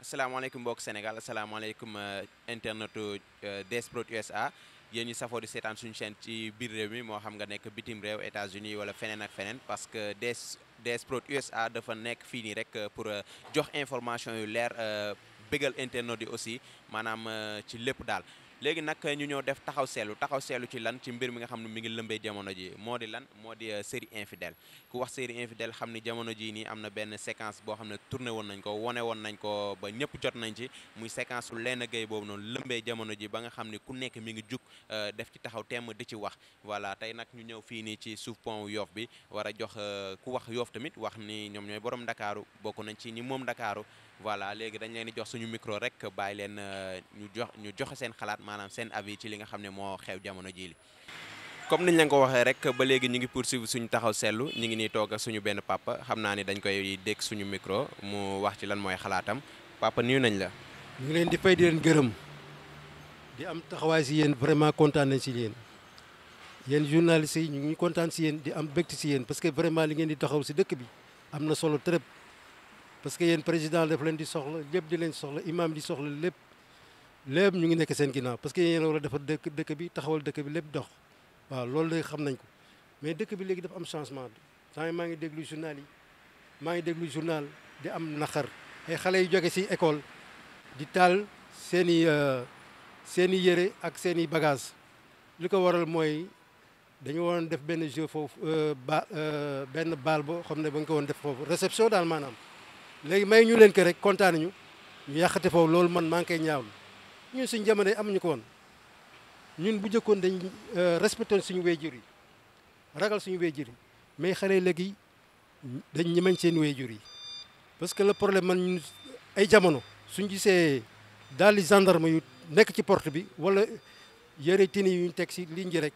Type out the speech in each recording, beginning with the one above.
asalaamaaleykum mbokk Sénégal asalaamaaleykum euh, internetu euh, DS Prod USA yéen ñu safoo di seetaan suñu chaîne ci biir réew mi moo xam nga nekk bitim réew États-Unis wala feneen ak feneen parce que DS DS Prod USA dafa nekk fii nii rek euh, pour jox information yu leer bégal internet yi aussi maanaam ci lépp daal léegi nag ñu ñëw def taxaw seetlu taxaw seelu ci lan ci mbir mi nga xam ne mi ngi lëmbee jamono ji moo di lan moo di euh, série infidèle ku wax série infidèle xam ni jamono ji nii am na benn séquence boo xam ne tourné woon nañ ko wone woon nañ ko ba ñëpp jot nañ ci muy séquence lu leen a boobu noonu lëmbee jamono ji ba nga xam ne ku nekk mi ngi jug euh, def ci taxaw temm di ci wax voilà tey nag ñu ñëw fii nii ci suuf pont yoof bi war a jox euh, ku wax yoof tamit wax ni ñoom ñooy borom ndakaaru bokk nañ ci ñi moom ndakaaru voilà léegi dañ leen di jox suñu micro rek bàyyi leen euh, ñu jox ñu joxe seen xalaat maanaam seen avis ci li nga xam ne moo xew jamono jii li comme niñ leen ko waxee rek ba léegi ñu ngi poursuivre suñu taxaw seetlu ñu ngi nii toog suñu benn papa xam naa ni dañ koy dégg suñu micro mu wax ci lan mooy xalaatam papa nuyu nañ la. ñu leen di fay di leen gërëm di am taxawaay si yéen vraiment kontaan nañ si yéen yéen journalistes yi ñu ngi kontaan si yéen di am bëgg si yéen parce que vraiment li ngeen di taxaw si dëkk bi am na solo trop. parce que yéen président daf leen di soxla lépp di leen soxla imam di soxla lépp lépp ñu ngi nekk seen ginnaaw parce que yéen war a defar dëkk bi taxawal dëkk bi lépp dox waaw loolu léegi xam nañ ko mais dëkk bi léegi dafa am changement temps maa ngi déglu journal maa ngi déglu journal di am naqar ay xale yu jóge si école di taal seen i euh, seen i yére ak seen i bagage li ko waral mooy dañu waroon def benn jeu foofu euh, ba euh, benn baal boo xam ne ba nga ko woon def foofu réception daal maanaam léegi may ñu leen ko rek kontaan ñu ñu yàqate foofu loolu man maa ngi koy ñaawlu ñun suñ jamono amuñu ko woon ñun bu jëkkoon dañ euh, respecté suñu waajur yi ragal suñu waajur yi mais xale léegi dañ ñemañ seen waajur yi parce que le problème man ñun ay jamono suñ gisee daal di gendarme yu nekk ci porte bi wala yëre tini yu ñu teg si ligne ji rek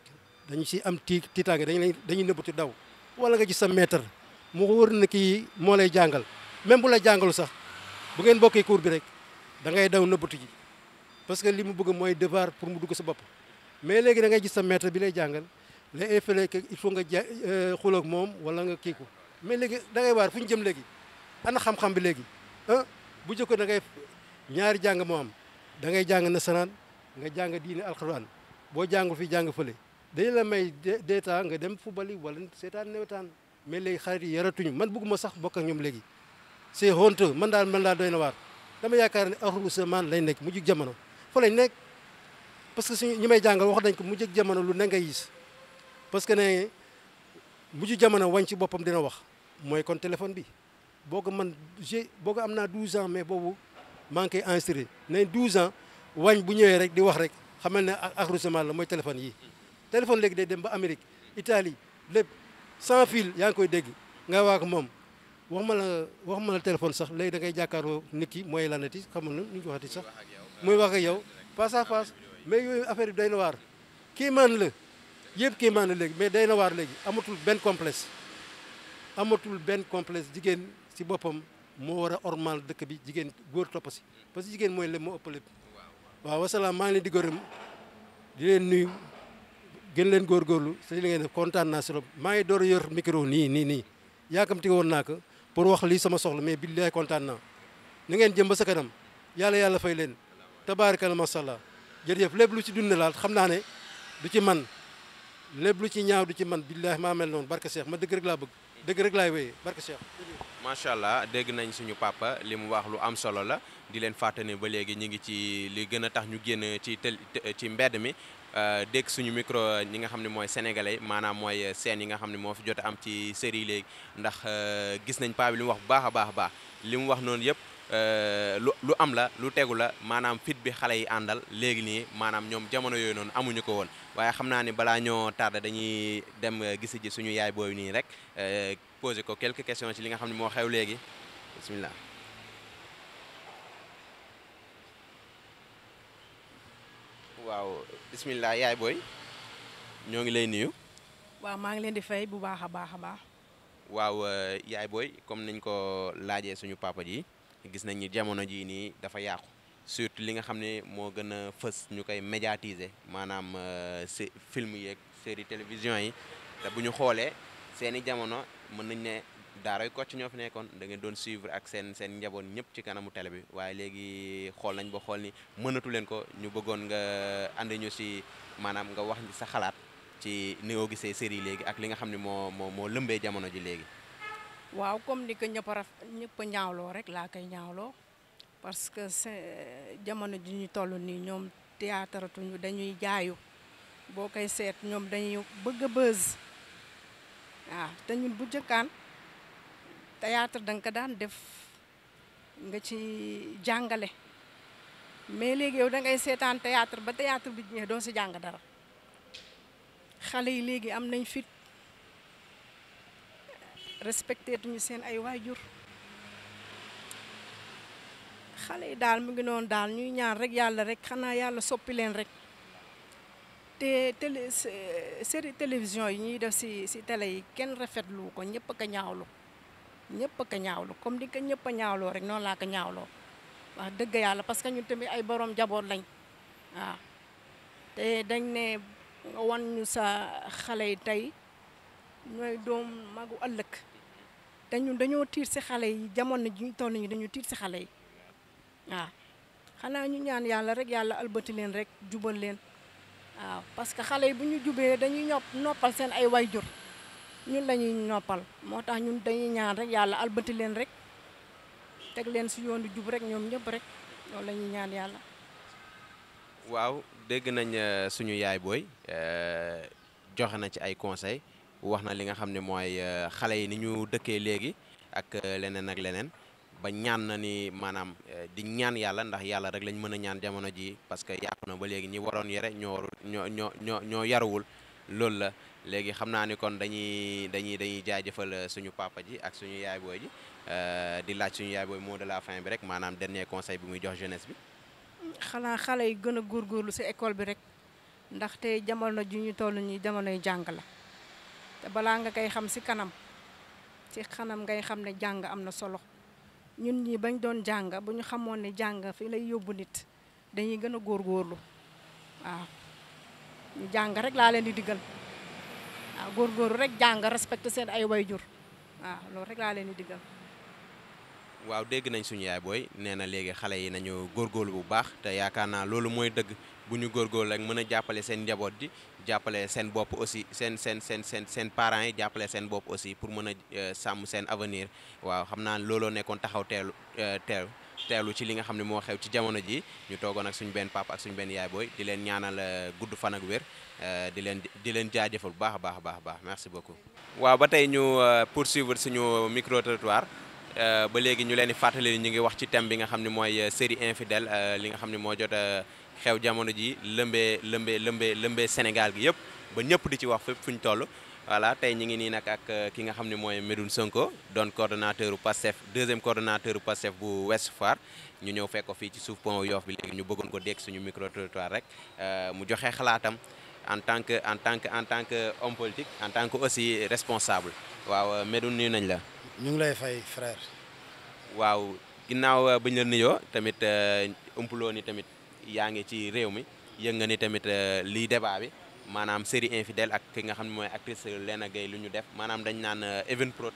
dañu si am tii tiitaange dañu dañuy nëbbatu daw wala nga ji sa maître mu wër na kii moo lay jàngal même bu la jàngalu sax bu ngeen bokkee kuur bi rek dangay ngay daw nëbbatu ji parce que li mu bëgg mooy devoir pour mu dugg sa bopp mais léegi da ngay gis sa maître bi lay jàngal les effets que il faut nga ja euh, xuloog moom wala nga kii ko mais léegi da ngay waar fu ñu jëm léegi ana xam-xam bi léegi ah bu jëkkoon da ngay ñaari jàng moo am da ngay jàng nasaraan nga jàng diine alxuraan boo jàngul fi jàng fële dañu la may dee temps nga dem fubali wala seetaan newetaan mais léegi xarit yi yaratuñu man bëgguma sax bokk ak ñoom léegi c'est honteux man daal man daal doy na waar dama yaakaar ne axrul usmaan lañ nekk mujj jamono fa lañ nekk parce que suñu ñi may jàngal wax dañ ko mujj jamono lu ne nga gis parce que ne mujj jamono wañ si boppam dina wax mooy kon téléphone bi boo ko man j boo ko am naa 12 ans mais boobu manqué enregistré nañ 12 ans wañ bu ñëwee rek di wax rek xamal ne axrul usmaan la mooy téléphone yi téléphone léegi day dem ba Amérique itali lépp sans fil yaa ngi koy dégg nga ko moom wax ma la wax ma la téléphone sax léegi da ngay jàkkaarloo nit ki mooy lanati xam nga nu ñu ko waxati sax muy wax ak yow face à face mais yooyu affaire yi day na waar kii la yëpp kii maan la léegi mais day na waar léegi amatul benn complexe amatul benn complexe jigéen si boppam moo war a ormal dëkk bi jigéen góor topp si parce que jigéen mooy lépp moo ëpp lépp waaw wasalaam maa leen di gërëm di leen nuyu gën leen góorgóorlu si li ngeen kontaan naa si maa ngi door a yor micro nii nii nii yaakamti woon naa ko pour wax lii sama soxla mais billaay kontaan naa na ngeen jëm ba sa kanam yàlla yàlla fay leen tabaarkalla macha allah jërëjëf lépp lu ci dund laal xam naa ne du ci man lépp lu ci ñaaw du ci man billaay maa mel noonu barke Cheikh ma dëgg rek laa bëgg dëgg rek laay wéyee barke Cheikh. macha allah dégg nañ suñu papa li mu wax lu am solo la di leen fàttali ba léegi ñu ngi ci li gën a tax ñu génn ci ci mbedd mi Euh, dégg suñu micro euh, ñi nga xam ne mooy sénégalais maanaam mooy euh, seen yi nga xam ne moo fi jot am ci série léegi ndax gis nañ paa bi li wax bu baax a baax a baax li mu wax noonu yëpp lu lu am la lu tegu la maanaam fit bi xale yi àndal léegi nii maanaam ñoom jamono yooyu noonu amuñu ko woon waaye xam naa ni balaa ñoo tardé dañuy dem gisi ji suñu yaay booy nii rek posé ko quelques question ci li nga xam ne moo xew léegi bismillah waaw bisimilah yaay booy ñoo ngi lay nuyu. waaw maa ngi leen di fay bu baax a baax a baax. waaw euh, yaay booy comme nañ ko laajee suñu papa ji gis nañ ni jamono jii nii dafa yàqu surtout li nga xam ne moo gën a fës ñu koy médiatiser maanaam euh, film yeeg série télévision yi te bu ñu xoolee seeni jamono mën nañ ne daaray Kocc ñoo fi nekkoon da doon suivre ak seen seen njaboot ñëpp ci kanamu tele bi waaye léegi xool nañ ba xool ni mënatu leen ko ñu bëggoon nga ànd ñu si maanaam nga wax sa xalaat ci ni nga gisee série léegi ak li nga xam ne moo moo moo lëmbee jamono ji léegi. waaw comme ni ko ñëpp ñëpp a ñaawloo rek laa koy ñaawloo parce que jamono ji ñu toll nii ñoom théâtre tuñu dañuy jaayu boo koy seet ñoom dañuy bëgg a buzz waaw te ñun bu jëkkaan. théâtre danga ko daan def nga ci jàngale mais léegi yow dangay seetaan théâtre ba théâtre bi ñëwee doo si jàng dara xale yi léegi am nañ fit respecté tuñu seen ay waajur xale yi daal mu ngi noonu daal ñuy ñaan rek yàlla rek xanaa yàlla soppi leen rek te télé série télévision yi ñuy def si si télé yi kenn rafetlu ko ñëpp a ko ñaawlu ñëpp a ñaawlu comme di ko ñëpp a ñaawloo rek noonu laa ko ñaawloo waa dëgg yàlla parce que ñun tamit ay borom jaboot lañ waaw te dañ ne wan ñu sa xale yi tey ñooy doom magu ëllëg te ñun dañoo tiir si xale yi jamono ji ñu toll ñu dañoo tiir si xale yi waaw xanaa ñu ñaan yàlla rek yàlla albati leen rek jubal leen waaw parce que xale yi bu ñu jubee dañuy ñop noppal seen ay way wayjur ñun dañuy noppal moo tax ñun dañuy ñaan rek yàlla albati leen rek teg leen si yoon jub rek ñoom ñëpp rek loolu la ñaan yàlla. waaw dégg nañ euh, suñu yaay booy euh, joxe na ci ay conseils wax na li nga xam ne mooy euh, xale yi ni ñu dëkkee léegi ak leneen ak leneen ba ñaan na ni maanaam di ñaan yàlla ndax yàlla rek lañ mën a ñaan jamono ji parce que yàqu na ba léegi ñi waroon yare ñoo ñoo ñoo ñoo yaruwul loolu la. léegi xam naa ni kon dañuy dañuy dañuy jaajëfal euh, suñu papa ji ak suñu yaay booy ji euh, di laaj suñu yaay booy mot de la fin bi rek maanaam dernier conseil bi muy jox jeunesse bi. xanaa xale yi gën a góor góorlu si école bi rek ndaxte jamono ji ñu toll nii jamonoy jàng la te balaa nga koy xam si kanam si xanam ngay xam ne jàng am na solo ñun ñi bañ doon jàng ba ñu xamoon ne jàng fii lay yóbbu nit dañuy gën a góorgóorlu waaw ñu jàng rek laa leen di diggal. waaw góorgóorlu rek jàng respecté seen ay wayjur waaw loolu rek laa leen di diggal. waaw dégg nañ suñu yaay booy nee na léegi xale yi nañu góor góorgóorlu bu baax te yaakaar naa loolu mooy dëgg bu ñu góorgóorlu rek mën a jàppale seen njaboot di jàppale seen bopp aussi seen seen seen seen seen parents yi jàppale seen bopp aussi pour mën a euh, sàmm seen avenir waaw xam naa looloo nekkoon taxaw teelu euh, teelu teelu ci li nga xam ne moo xew ci jamono ji ñu toogoon ak suñu benn papa ak suñu benn yaay booy di leen ñaanal euh, gudd fan ak wér euh, di leen di leen jaajëfal bu baax a baax baax baax merci beaucoup. waaw ba tey ñu pour euh, poursuivre suñu micro trottoir ba léegi ñu leen di fàttali ñu ngi wax ci thème bi nga xam ne mooy série infidèle li nga xam ne moo jot xew jamono ji lëmbee lëmbee lëmbee lëmbee Sénégal gi yëpp ba ñëpp di ci wax fépp fu ñu toll. voilà tey ñu ngi nii nag ak euh, ki nga xam ne mooy Medoune Sonko don coordonnateur Pastef deuxième coordonnateur Pastef bu Ouest Foire ñu ñëw fekk fii ci suuf pont Yoff bi ñu bëggoon ko dégg suñu micro trottoir rek euh, mu joxe xalaatam en tant que en tant que en tant que homme politique en tant que aussi responsable waaw euh, Medoune nuyu nañ la. ñu ngi lay fay frère. waaw ginnaaw bañ la nuyoo tamit umpuloo ni tamit yaa ngi ci réew mi yëg nga ni tamit lii débat bi. maanaam série infidèle ak ki nga xam ne mooy actrice Lena Gueye lu ñu def maanaam dañ naan euh, Evenprod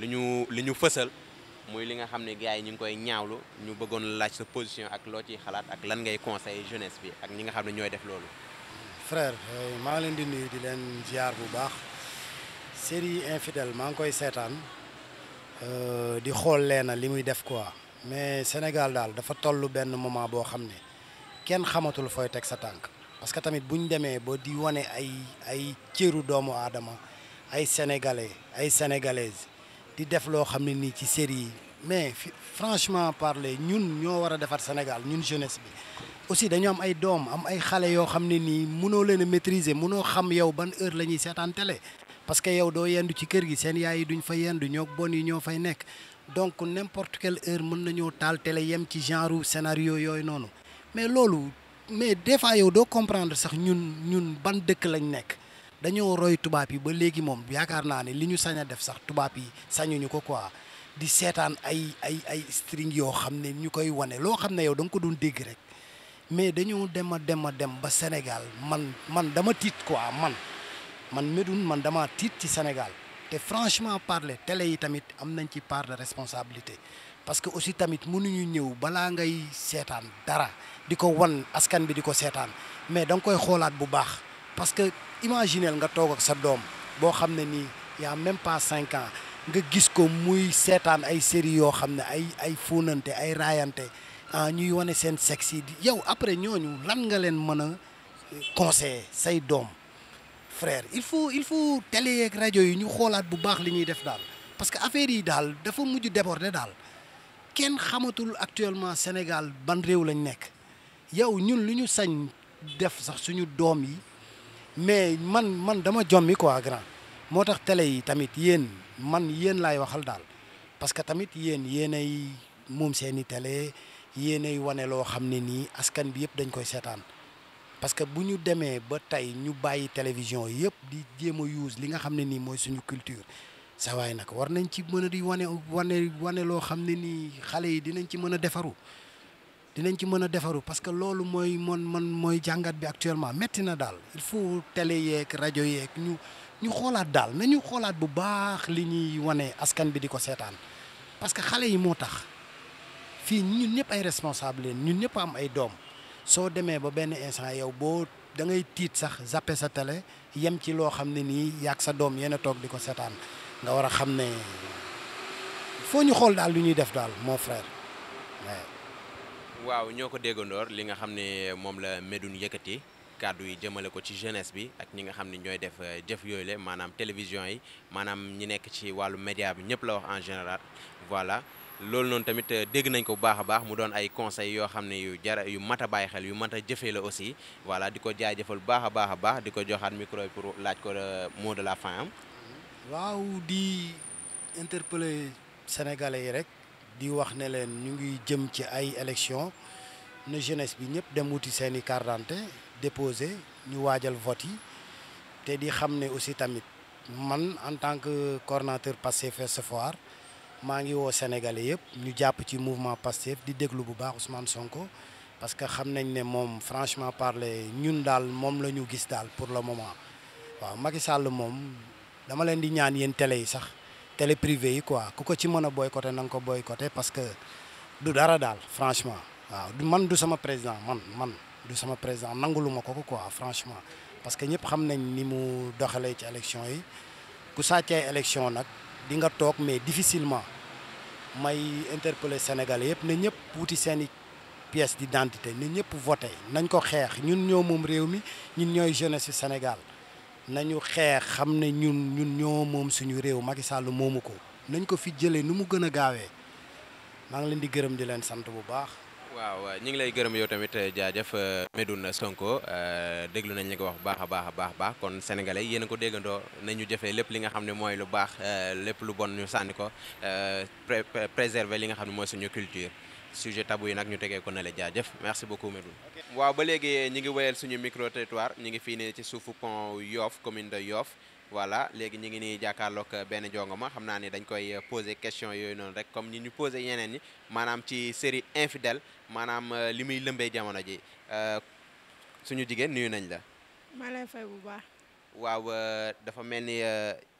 lu ñu li ñu fësal muy li nga xam ne gars yi ñu ngi koy ñaawlu ñu bëggoon laaj sa position ak loo ciy xalaat ak lan ngay conseil jeunesse bi ak ñi nga xam ne ñooy def loolu frère euh, maa ngi leen di di leen ziar bu baax série infidèle maa ngi koy seetaan euh, di xool leena li muy def koi mais Sénégal daal dafa toll benn moment boo xam ne kenn xamatul fooy teg sa tànk parce que tamit bu ñu demee ba di wane ay ay cëru doomu aadama ay sénégalais ay sénégalaises di def loo xam ne nii ci série yi mais franchement parler ñun ñoo war a defar Sénégal ñun jeunesse bi aussi dañoo am ay doom am ay xale yoo xam ne nii mënoo leen a maîtriser mënoo xam yow ban heure la ñuy seetaan télé parce que yow doo yendu ci kër gi seen yaay yi duñ fa yendu ñoo bon yi ñoo fay nekk donc n'importe quelle heure mën nañoo taal télé yem ci genre scénario yooyu noonu mais des fois yow doo comprendre sax ñun ñun ban dëkk lañ nekk dañoo roy tubaab yi ba léegi moom yaakaar naa ne li ñu sañ def sax tubaab yi sañuñu ko quoi di seetaan ay ay ay string yoo xam ne ñu koy wane loo xam ne yow danga ko doon dégg rek mais dañoo dem a dem a dem ba Sénégal man man dama tiit quoi man man Médoune man dama tiit ci Sénégal te franchement parler télé yi tamit am nañ ci part de responsabilité parce que aussi tamit mënuñu ñëw balaa ngay seetaan dara di ko wan askan bi di ko seetaan mais da nga koy xoolaat bu baax parce que imagineel nga toog ak sa doom boo xam ne nii yaa même pas cinq ans nga gis ko muy seetaan ay série yoo xam ne ay ay fuunante ay raayante ah ñuy wane seen sexe yi yow après ñooñu lan nga leen mën a conseiller say doom frère il faut il faut télé yeeg rajo yi ñu xoolaat bu baax li ñuy def daal parce que affaire yi daal dafa mujj déborder daal kenn xamatul actuellement Sénégal ban réew lañ nekk yow ñun lu ñu sañ def sax suñu doom yi mais man man dama jommi quoi grand moo tax télé yi tamit yéen man yéen laay waxal daal parce que tamit yéen yéenay moom seeni télé yéenay wane loo xam ne nii askan bi yëpp dañ koy seetaan parce que bu ñu demee ba tey ñu bàyyi télévision yëpp di jéem a use li nga xam ne nii mooy suñu culture sa waay nag war nañ ci mën a di wane wane wane loo xam ne nii xale yi dinañ ci mën a defaru dinañ ci mën a defaru parce que loolu mooy mon man mooy jàngat bi actuellement métti na daal il faut télé yeeg rajo yeeg ñu ñu xoolaat daal ñu xoolaat bu baax li ñuy wane askan bi di ko seetaan parce que xale yi moo tax fii ñun ñëpp ay responsable leen ñun ñëpp am ay doom soo demee ba benn instant yow boo da ngay tiit sax zappe sa télé yem ci loo xam ne nii yaag sa doom yéen a di ko seetaan nga war a xam ne foo ñu xool daal lu ñuy def daal mon frère waaw ñoo ko déggandoor li nga xam ne moom la Médoune yëkkati kàddu yi jëmale ko ci jeunesse bi ak ñi nga xam ne ñooy def euh, jëf yooyu la maanaam télévision yi maanaam ñi nekk ci wàllu média bi ñëpp la wax en général voilà loolu noonu tamit euh, dégg nañ ko bu baax a baax mu doon ay conseils yoo xam ne yu jara yu bàyyi xel yu mat a jëfee la aussi voilà di ko jaajëfal bu baax a baax a baax di ko joxaat micro yi pour laaj ko mot de la fin am waaw di interpeller sénégalais yi rek di wax ne leen ñu ngi jëm ci ay élections na jeunesse bi ñëpp dem wuti seen i carte déposé ñu waajal vote yi te di xam ne aussi tamit man en tant que coordonnateur Pastef Ouest Foire maa ngi woo sénégalais yëpp ñu jàpp ci mouvement Pastef di déglu bu baax Ousmane Sonko parce que xam nañ ne moom franchement parler ñun daal moom la ñu gis daal pour le moment waaw Macky Sall moom dama leen di ñaan yéen télé yi sax. télé privé yi quoi ku ko ci mën a boycotter na nga ko boycotter parce que du dara daal franchement waaw man du sama président man man du sama président nangulu ko ko quoi franchement parce que ñëpp xam nañ ni mu doxalee ci élection yi ku sàccee élection nag di nga toog mais difficilement may interpeller sénégal yëpp ne ñëpp wuti seen i pièce d'identité ne ñëpp voté nañ ko xeex ñun ñoo moom réew mi ñun ñooy jeune si Sénégal nañu xeex xam ne ñun ñun ñoo moom suñu réew Macky Sall moomu ko nañ ko fi jëlee nu mu gën a gaawee maa ngi leen di gërëm di leen sant bu baax. waaw ñu ngi lay gërëm yow tamit eh, jaajëf eh, Medoune Sonko eh, déglu nañ li ko wax baax a baax a baax baax kon sénégalais yéen a ko déggandoo nañu jëfee lépp li nga xam ne mooy lu baax lépp lu bon ñu sànni ko préserver li nga xam ne mooy suñu culture sujet tabou yi nag ñu tegee ko na la jaajëf merci beaucoup Medoune. waaw ba léegi ñi ngi wéyal suñu micro territoire ñi ngi fii nii ci suufu pont yoof commune de Yoff voilà léegi ñu ngi nii jàkkaarlook benn jongo ma xam naa ni dañ koy posé question yooyu noonu rek comme ni ñu posé yeneen ñi maanaam ci série infidèle maanaam euh, li muy lëmbee jamono ji euh, suñu jigéen nuyu nañ la. maa lay fay bu baax. waaw euh, dafa mel ni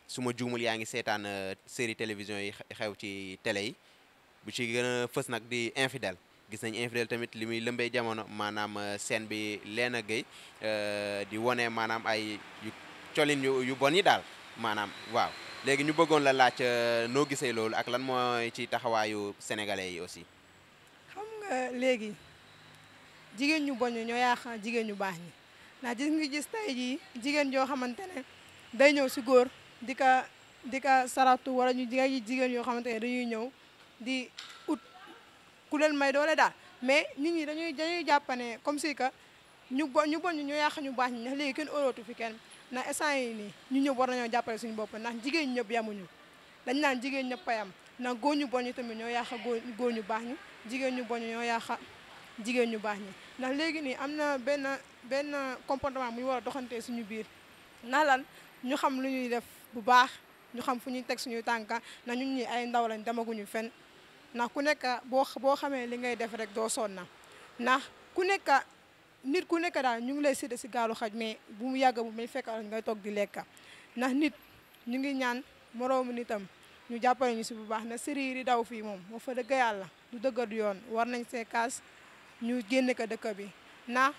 su ma juumul yaa ngi seetaan série télévision yi xew ci télé yi bu ci gën fës nag di infidèle gis nañ infidèle tamit li muy lëmbee jamono maanaam euh, seen bi leen a Gueye euh, di wone maanaam ay colin yu yu bon yi daal maanaam waaw léegi ñu bëggoon la laaj euh, noo gisee loolu ak lan mooy ci taxawaayu sénégalais yi aussi. xam nga léegi jigéen ñu bon ñoo yàq jigéen ñu baax ñi ndax gis nga gis tey jii jigéen joo xamante ne day ñëw si góor di ka di ka saratu wala ñu jigéen yoo xamante ne dañuy ñëw di ut. ku leen may doole daal mais nit ñi dañuy dañuy jàppane comme si ñu bo ñu bon ñu ñoo yàq ñu baax ñi ndax léegi kenn óolootu fi kenn ndax nii ñu ñëpp war nañoo jàppale suñu bopp ndax jigéen ñëpp yamuñu dañ naan jigéen ñëpp payam ndax góor ñu bon ñu tamit ñoo yàq góor góor ñu baax ñi jigéen ñu bon ñoo yàq jigéen ñu baax ñi ndax léegi nii am na benn benn comportement bu ñu war a doxantee suñu biir ndax lan ñu xam lu ñuy def bu baax ñu xam fu ñuy teg suñuy tànka na ñun ñi ay ndaw lañ demaguñu fen ndax ku nekk boo boo xamee li ngay def rek doo sonna ndax ku nekk nit ku nekka daal ñu ngi lay séddee si gaalu xaj mais bu mu yàgg bu muy fekk ngay toog di lekk ndax nit ñu ngi ñaan moroomu nitam ñu jàppale ñu si bu baax na sëriñ yi daw fii moom moo fa dëgg yàlla du dëggat yoon war nañ see kaas ñu génne ka dëkk bi ndax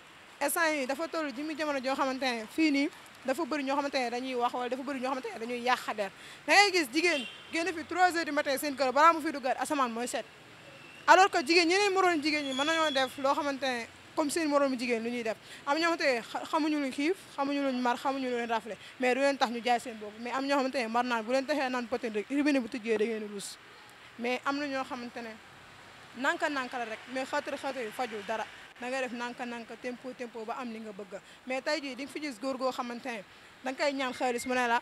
instant yi dafa toll ji mu jamono joo xamante ne fii nii. dafa bëri ñoo xamante ne dañuy wax wala dafa bëri ñoo xamante ne dañuy yàq der da ngay gis jigéen génn fi 3 heures du matin seen kër balaa mu fi duggaat asamaan mooy set alors que jigéen ñeneen moroom jigéen ñi mën nañoo def loo xamante ne comme seen moroomu jigéen lu ñuy def am ñoo xamante ne xamuñu lu xiif xamuñu luñ mar rafle mais du leen tax ñu jaay seen boobu mais am ñoo xamante ne mar naan bu leen taxee naan potin rek bu tijjee da ngeen mais am na ñoo xamante ne nanka nanka la rek mais xatar xatar fajul dara da nga def nanka nanka tempo tempo ba am li nga bëgg mais tey jii di fi gis góor goo xamante ne da nga koy ñaan xaalis mu ne la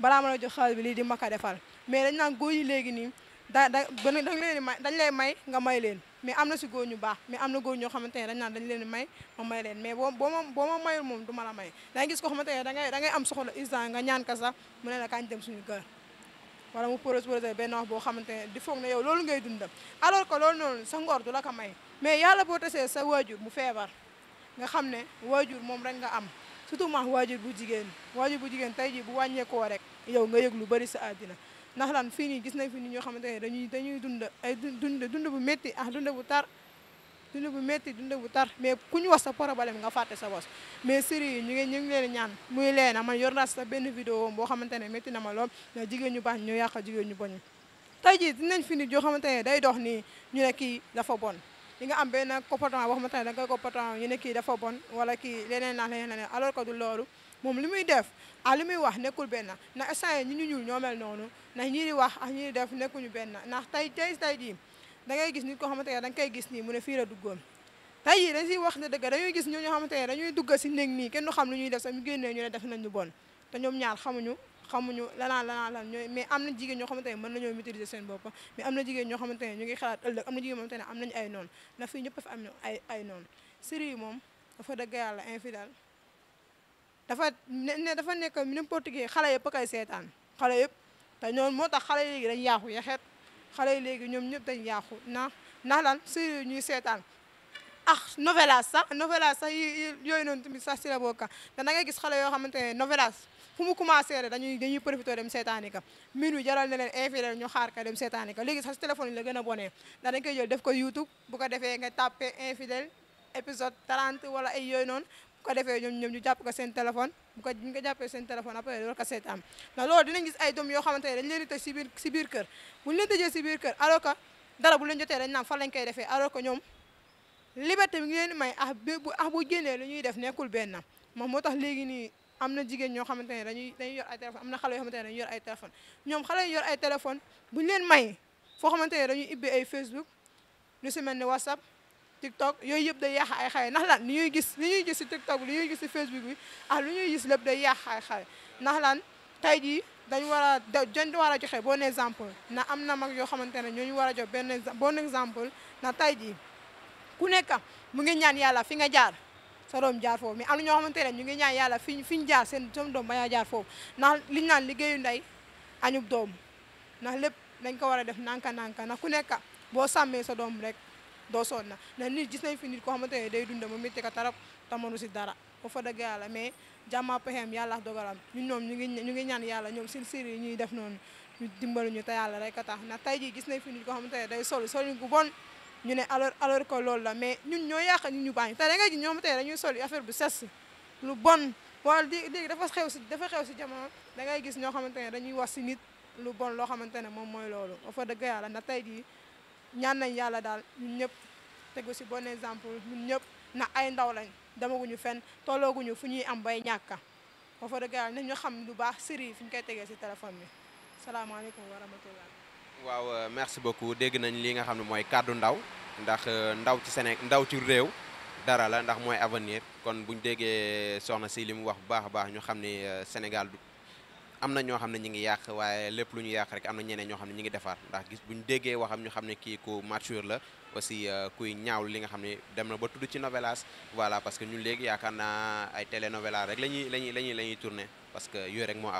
balaa ma la jox xaalis bi lii di ma ko defal mais dañ naan góor yi léegi nii da da dañ lay may nga may leen mais am na si góor ñu baax mais am na góor ñoo xamante ne dañ naan dañ leen may ma may leen mais boo boo ma boo ma mayul la may da nga gis ko ngay da am soxla instant nga ñaan ka sax mu ne la kañ dem suñu kër wala mu ne di foog ne yow loolu ngay dundam alors que loolu noonu sa ngor du la ko may mais yàlla boo tasee sa waajur mu feebar nga xam ne waajur moom rek nga am surtout ma waajur bu jigéen waajur bu jigéen tey jii bu wàññeekoo rek yow nga yëg lu bari sa àddina ndax lan fii nii gis nañ fi ni ñoo xamante ne dañuy dañuy dund ay dund dund bu métti ah dund bu tar dund bu métti dund bu tar mais ku ñu wax sa problème nga fàtte sa bos mais série yi ñu ngi ñu ngi ñaan muy leena man yor naa sa benn vidéo boo xamante ne métti na ma lool na jigéen ñu baax ñu yàq jigéen ñu boñu tey jii dinañ fi nit yoo xamante ne day dox nii ñu kii dafa bon li nga am benn comportement boo xamante ne da nga koy comportement ñu ne kii dafa bon wala kii leneen na leneen leneen alors que du loolu moom li muy def ah li muy wax nekkul benn ndax instant yii ñi ñu ñuul ñoo mel noonu ndax ñi di wax ak ñi di def nekkuñu benn ndax tey tey tey jii da ngay gis nit koo xamante ne da nga koy gis nii mu ne fii la duggoon tey jii dañ siy wax ne dëgg dañuy gis ñoo ñoo xamante ne dañuy dugg si néeg nii kenn du xam lu ñuy def sax ñu génnee ñu ne def nañu bon te ñoom ñaar xamuñu xamuñu lanaa lanaa lan ñooy mais am na jigéen ñoo xamante ne mën nañoo maîtriser seen bopp mais am na jigéen ñoo xamante ne ñu ngi xalaat ëllëg am na jigéen xamante ne am nañu ay noonu na fii ñëpp a fi am ay ay noonu série yi moom dafa dëgg yàlla infidèle dafa ne dafa nekk n'importe qui xale yëpp a koy seetaan xale yëpp te ñoom moo tax xale yi léegi dañ yaaxu yaxeet xale yi léegi ñoom ñëpp dañ yaaxu ndax ndax lan série ñuy seetaan ah novelas sax novelas sax yi yooyu noonu tamit sax si la bokk te da ngay gis xale yoo xamante ne novelas fu mu commencé rek dañuy dem seetaani ka jaral na leen infidèle ñu ka dem seetaani ka léegi sax si téléphone yi la gën a bonee ndax dañ koy jël def ay ñu jàpp ko ko ñu ko jàppee seen téléphone après loolu ko seetaan ndax loolu dinañ gis ay doom yoo xamante ne dañ leen di tëj si biir si biir kër buñu dara bu leen jotee dañ naan fan lañ koy defee alors que ñoom liberté bi ngi leen may ax bu ax bu génnee lu ñuy def nekkul benn moom moo tax léegi am na jigéen ñoo xamante ne dañuy dañuy yor am na xale yoo xamante yor ay téléphone ñoom xale yu yor ay téléphone bu ñu leen may foo xamante ne dañuy ibbi ay Facebook lu si mel ni WhatsApp TikTok yooyu yëpp day yàq ay xale ndax lan li ñuy gis li ñuy gis si TikTok li ñuy gis si Facebook bi ah lu ñuy gis lépp day yàq ay xale ndax lan tey jii dañu war a da dañ war a joxe bon exemple na am na mag yoo xamante ne ñooñu war a jox benn bon exemple na tey jii ku nekk mu ngi ñaan yàlla fi nga jaar sa doom jaar foofu mais am ñoo xamante ne ñu ngi ñaan yàlla fi fi ñu jaar seen sama doom bañaa jaar foofu ndax liñ naan liggéeyu ndey añub doom ndax lépp dañ ko war a def nanka nanka na ku nekk boo sàmmee sa doom rek doo soon na ndax nit gis nañ fi nit koo xamante ne day dunda mu métti ko tarap tamanu si dara ba dëgg yàlla mais jàmmaa yàlla dogalam ñun ñoom ñu ngi ñaan yàlla ñoom seen ñuy def noonu ñu dimbaluñu te yàlla a tax ndax jii gis nañ fi xamante ne day sol sol bu bon ñu ne alors alors que loolu la mais ñun ñoo yàq ñu ñu baañ te da nga ji ñoom tey dañuy sol affaire bu ses lu bon wala léegi dafa xew si dafa xew si jamono da ngay gis ñoo xamante ne dañuy wax si nit lu bon loo xamante ne moom mooy loolu ba fa dëgg yàlla na tey jii ñaan nañ yàlla daal ñun ñëpp tegu si bon exemple ñun ñëpp na ay ndaw lañ demaguñu fenn tollooguñu fu ñuy am bay ñàkka ba fa dëgg yàlla nañu xam lu baax siri fi ñu koy tegee si téléphone bi salaamaaleykum wa rahmatullah waaw euh, merci beaucoup dégg nañ li nga xam ne mooy kàddu ndaw ndax euh, ndaw ci Séné ndaw ci réew dara la ndax mooy avenir kon bu buñ déggee soxna si li mu wax bu baax a baax ñu xam ni euh, Sénégal am na ñoo xam ne ñu ngi yàq waaye lépp lu ñu yàq rek am na ñeneen ñoo xam ne ñu ngi defar ndax gis buñ déggee waxam ñu xam ne kii ku mature la aussi kuy ñaaw li nga xam ne dem na ba tudd ci novelas voilà parce que ñun léegi yaakaar naa ay télénovelas rek la ñuy la ñuy la ñuy la parce que yooyu rek moo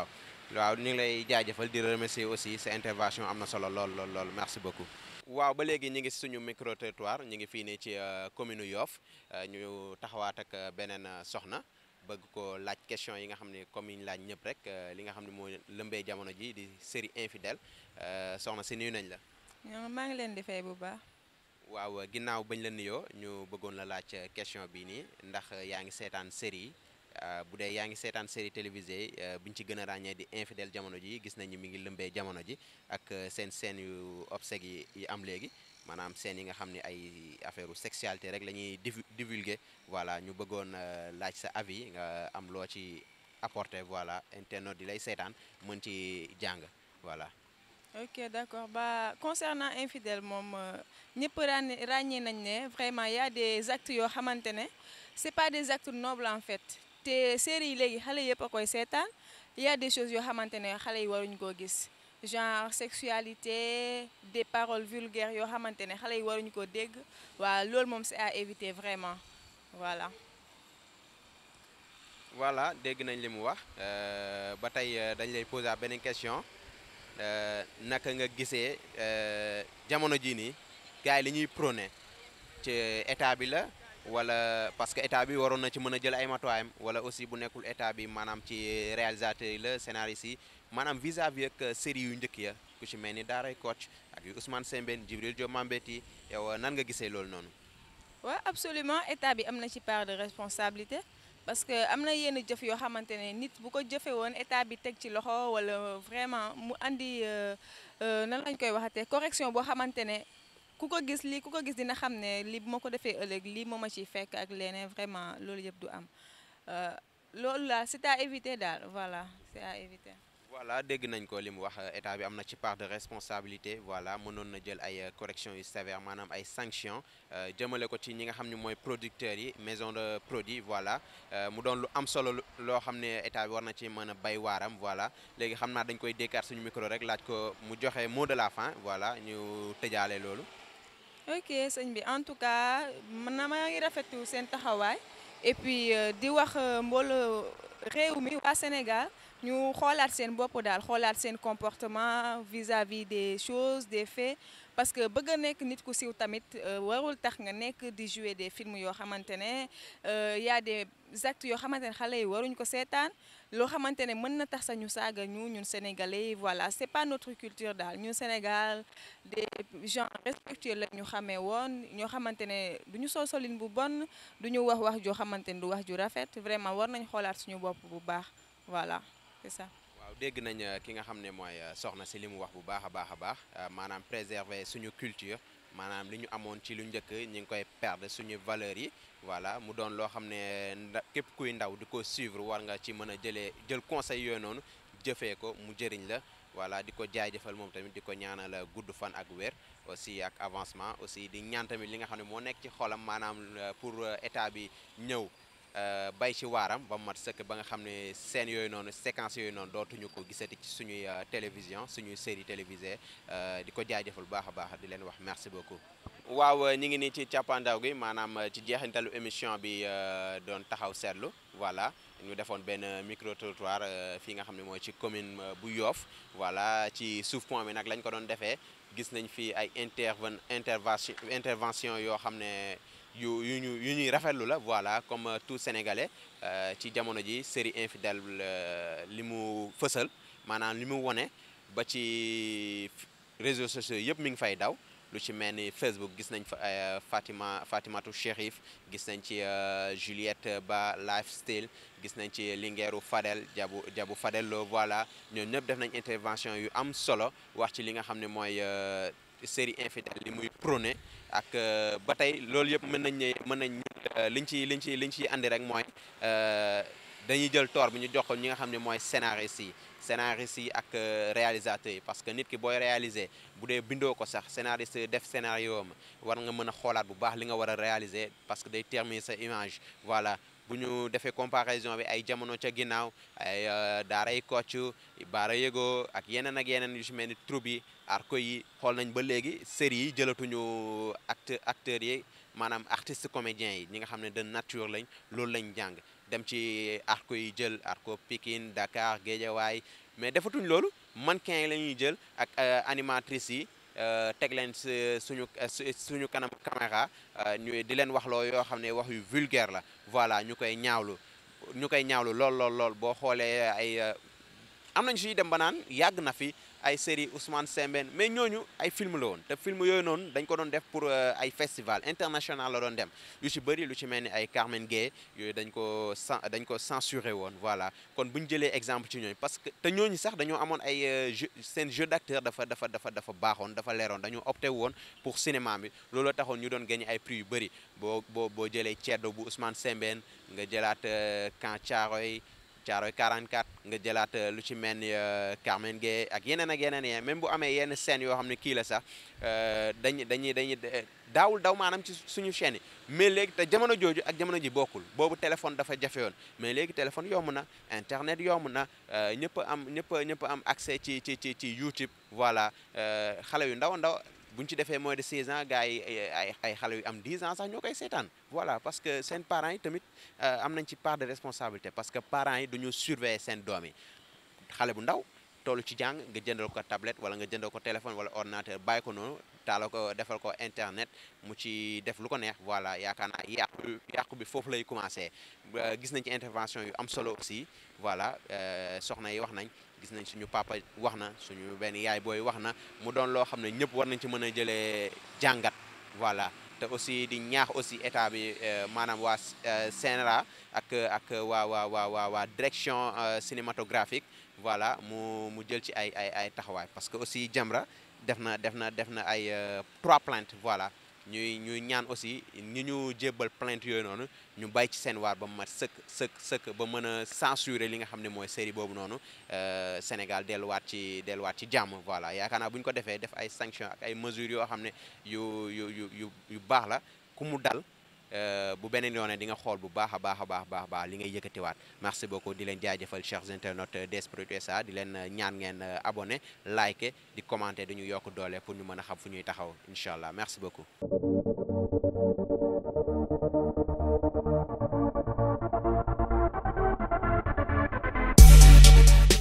waaw ñu ngi lay jaajëfal di remercier aussi sa intervention am na solo lool lool lool merci beaucoup. waaw ba léegi ñu ngi suñu micro trottoir ñu ngi fii nii ci euh, commune Yoff euh, ñu taxawaat ak euh, beneen soxna bëgg ko laaj question yi nga xam ne comme laaj ñëpp rek li nga xam ne moo lëmbee jamono ji di série infidèle soxna si nuyu nañ la. maa ngi leen di fay bu baax. waaw ginnaaw bañ la nuyoo ñu bëggoon la laaj question bii nii ndax yaa ngi seetaan série yi. Euh, bu dee yaa ngi seetaan série télévisée euh, biñ ci gën a ràññee di infidèle jamono ji gis nañu mi ngi lëmbee jamono ji ak euh, seen seen yu obsèques yi yi am léegi maanaam seen yi nga xam ni ay affaire sexualité rek la ñuy divulguer voilà ñu bëggoon laaj sa avis nga am loo ci apporté voilà internet di lay seetaan mën ci jàng voilà. ok d'accord ba concernant infidèle moom ñëpp ràññee nañ ne vraiment y a des actes yoo xamante ne c'est pas des actes nobles en fait te série yi léegi xale yëpp a koy seetaan il y a yoo xamante ne xale yi waruñu koo gis genre sexualité des paroles vulgaires yoo xamante ne xale yi waruñ koo dégg waa loolu moom c'est à éviter vraiment voilà. voilà dégg nañ li mu wax euh, ba tey euh, dañ lay poser beneen question euh, naka nga gisee jamono jii nii gars yi li ñuy prôné ci état bi la. wala parce que état bi waroon na ci mën a jël ay matuwaayam wala aussi bu nekkul état bi maanaam ci réalisateur yi la scénariste yi maanaam vis-à-vis ak euh, série yu njëkk ya ku ci mel ni Daaray Kocc ak yu Ousmane Sembène Djibril Diop Mambéty yow euh, nan nga gisee loolu noonu waaw absolument état bi am na ci part de responsabilité parce que am na yenn jëf yoo xamante ne nit bu ko jëfe woon état bi teg ci loxo wala vraiment mu indi euh, na lañ koy waxatee correction boo xamante ne ku ko gis lii ku ko gis dina xam ne lii bu ma ko defee ëllëg lii moo ma ciy fekk ak leneen vraiment loolu yëpp du am euh, loolu laa c'est à éviter daal voilà c'est à dégg nañ ko li mu wax état bi am na ci part de responsabilité voilà mënoon na jël ay euh, correction yu sévère maanaam ay sanctions euh, jëmale ko ci ñi nga xam ni mooy producteurs yi maison de produit voilà mu doon lu am solo loo xam ne état bi war na ci mën a bay waaram voilà léegi xam naa dañ koy dékkaat suñu micro rek laaj ko mu joxe mot de la fin voilà ñu tëjaale loolu. ok sëñ bi en tout cas na maa ngi rafetlu seen taxawaay et puis euh, di wax euh, mbooloo réew mi waa Sénégal ñu xoolaat seen bopp daal xoolaat seen comportement vis-à-vis des choses des faits. parce que bëgg a nekk nit ku siiw tamit euh, warul tax nga nekk di jouer des films yoo xamante ne euh, y a des actes yoo xamante ne xale yi waruñ ko seetaan loo xamante ne mën na tax sax ñu saaga ñu ñun sénégalais voilà c'est pas notre culture daal ñu Sénégal des gens respectueux la ñu xamee woon ñoo xamante ne du ñu sol solin bu bonn du ñu wax wax joo xamante ne du wax ju rafet vraiment war nañ xoolaat suñu bopp bu baax voilà c'est dégg nañ euh, ki nga xam ne mooy euh, soxna si li mu wax bu baax a baax a baax euh, maanaam préserver suñu culture maanaam li ñu amoon ci lu njëkk ñu ngi koy perdre suñu valeurs yi voilà mu doon loo xam ne képp kuy ndaw di ko suivre war nga ci mën a jëlee jël conseil yooyu noonu jëfee ko mu jëriñ la wala di ko jaajëfal moom tamit di ko ñaanal gudd fan ak weer aussi ak avancement aussi di ñaan tamit li nga xam ne moo nekk ci xolam maanaam pour état bi ñëw Euh, bay ci waaram ba mu mat sëkk ba nga xam ne scène yooyu noonu séquence yooyu noonu dootuñu ko gisati ci suñuy euh, télévision suñuy série télévisée euh, di ko jaajëfal baax a baax di leen wax merci beaucoup. waaw ñu ngi nii ci càppaandaw gi maanaam ci jeexintalu émission bi doon taxaw seetlu voilà ñu defoon benn micro trottoir fii nga xam ne mooy ci commune bu yoof voilà ci suuf point bi nag lañ ko doon defee gis nañ fi ay interven intervention intervention yoo xam ne. yu yu ñu yu ñuy rafetlu la voilà comme euh, tout sénégalais euh, ci jamono ji série infidèle euh, li mu fësal maanaam li mu wone ba ci réseaux sociaux yëpp mi ngi fay daw lu ci mel ni Facebook gis nañ fa Fatima Fatimatu Chérif gis nañ ci Juliette Ba lifestyle gis nañ ci Linguère Fadel Jabu Jabu Fadel voilà ñoom ñëpp def nañ intervention yu am solo wax ci li nga xam ne mooy série infidèle li muy proné ak euh, ba tey loolu yëpp mën nañ ne mën nañ euh, liñ ci liñ ci liñ ciy andi rek mooy euh, dañuy jël toor bi ñu jox ko ñi nga xam ne mooy scénariste yi scénariste yi ak réalisateur yi parce que nit ki booy réaliser bu dee bindoo ko sax scénariste def scénario ma war nga mën a xoolaat bu baax li nga war a réaliser parce que day terminer sa image voilà bu ñu defee comparaison bi ay jamono ca ginnaaw ay euh, daaray Kocc Baara Yego ak yeneen ak yeneen yu si mel ni troupe yi arco yi xool nañ ba léegi série yi jëlatuñu acte acteurs yi maanaam artiste comédiens yi ñi nga xam ne de nature lañ loolu lañ jàng dem ci arco yi jël arco Pikine Dakar waay mais defatuñ loolu mannequin yi la ñuy jël ak euh, animatrices yi Euh, teg leen suñu suñu kanam caméra euh, ñu di leen wax loo yoo xam ne wax yu vulgaire la voilà ñu koy ñaawlu ñu koy ñaawlu lool lool lool boo xoolee ay euh, am nañ suy dem ba naan yàgg na fi ay série Ousmane Sembène mais ñooñu ay film la woon te film yooyu noonu dañ ko doon def pour euh, ay festival international la doon dem lu ci bëri lu ci mel ni ay Carmen Gaye yooyu dañ ko dañ ko censuré woon voilà kon bu ñu jëlee exemple ci ñooñu parce que te ñooñu sax dañoo amoon ay euh, seen jeu d'acteur dafa dafa dafa dafa baaxoon dafa leeroon dañoo opté woon pour cinéma bi loolu taxoon ñu doon gagné ay prix yu bëri boo boo boo jëlee Ceddo bu Ousmane Sembène nga jëlaat euh, Kan Thiaroye Caaroy 44 nga jëlaat euh, lu ci mel ni euh, Carmen Gueye ak yeneen ak yeneen yee même bu amee yenn scènes yoo xam ne kii la sax euh, dañuy dañuy dañuy daawul daw maanaam ci suñu chaîne yi mais léegi te jamono jooju ak jamono ji bokkul boobu téléphone dafa jafe woon mais léegi téléphone yomb na internet yomb na ñëpp am ñëpp ñëpp am accès ci ci ci ci YouTube voilà xale yu ndaw ndaw. bu ñu ci defee moins de 16 ans gars yi ay ay xale yu am 10 ans sax ñoo koy seetaan voilà parce que seen parents yi tamit euh, am nañ ci part de responsabilité parce que parents yi du ñu surveiller seen doom xale bu ndaw toll ci jàng nga jëndal ko tablette wala nga jëndal ko téléphone wala ordinateur bàyyi ko noonu taala ko defal ko internet mu ci def lu ko neex voilà yaakaar naa yàqu yàqu bi foofu lay commencé gis nañ ci intervention yu am solo aussi voilà euh, soxna yi wax nañ gis nañ suñu papa wax na suñu benn yaay booy wax na mu doon loo xam ne ñëpp war nañ ci mën a jëlee jàngat voilà te aussi di ñaax aussi état bi euh, maanaam waa CNRA euh, ak ak waa waa waa waa direction euh, cinématographique voilà mu mu jël ci ay ay ay taxawaay parce que aussi Jamra def na def na def na ay trois plaintes voilà ñuy ñuy ñaan aussi ñi ñu jébbal plainte yooyu noonu ñu bàyyi ci seen waar ba mu mat sëkk sëkk sëkk ba mën a censurer li nga xam ne mooy série boobu noonu euh, Sénégal delluwaat ci delluwaat ci jàmm voilà yaakaar naa bu ñu ko defee def ay sanctions ak ay mesures yoo xam ne yu yu yu yu baax la ku mu dal Euh, bu beneen yoon di nga xool bu baax a baax a baax baax baax li ngay yëkkatiwaat merci beaucoup di leen jaajëfal chers internautes DS Produits SA di leen euh, ñaan ngeen euh, abonné like di commenter dañu yokk doole pour ñu mën a xam fu ñuy taxaw incha allah merci beaucoup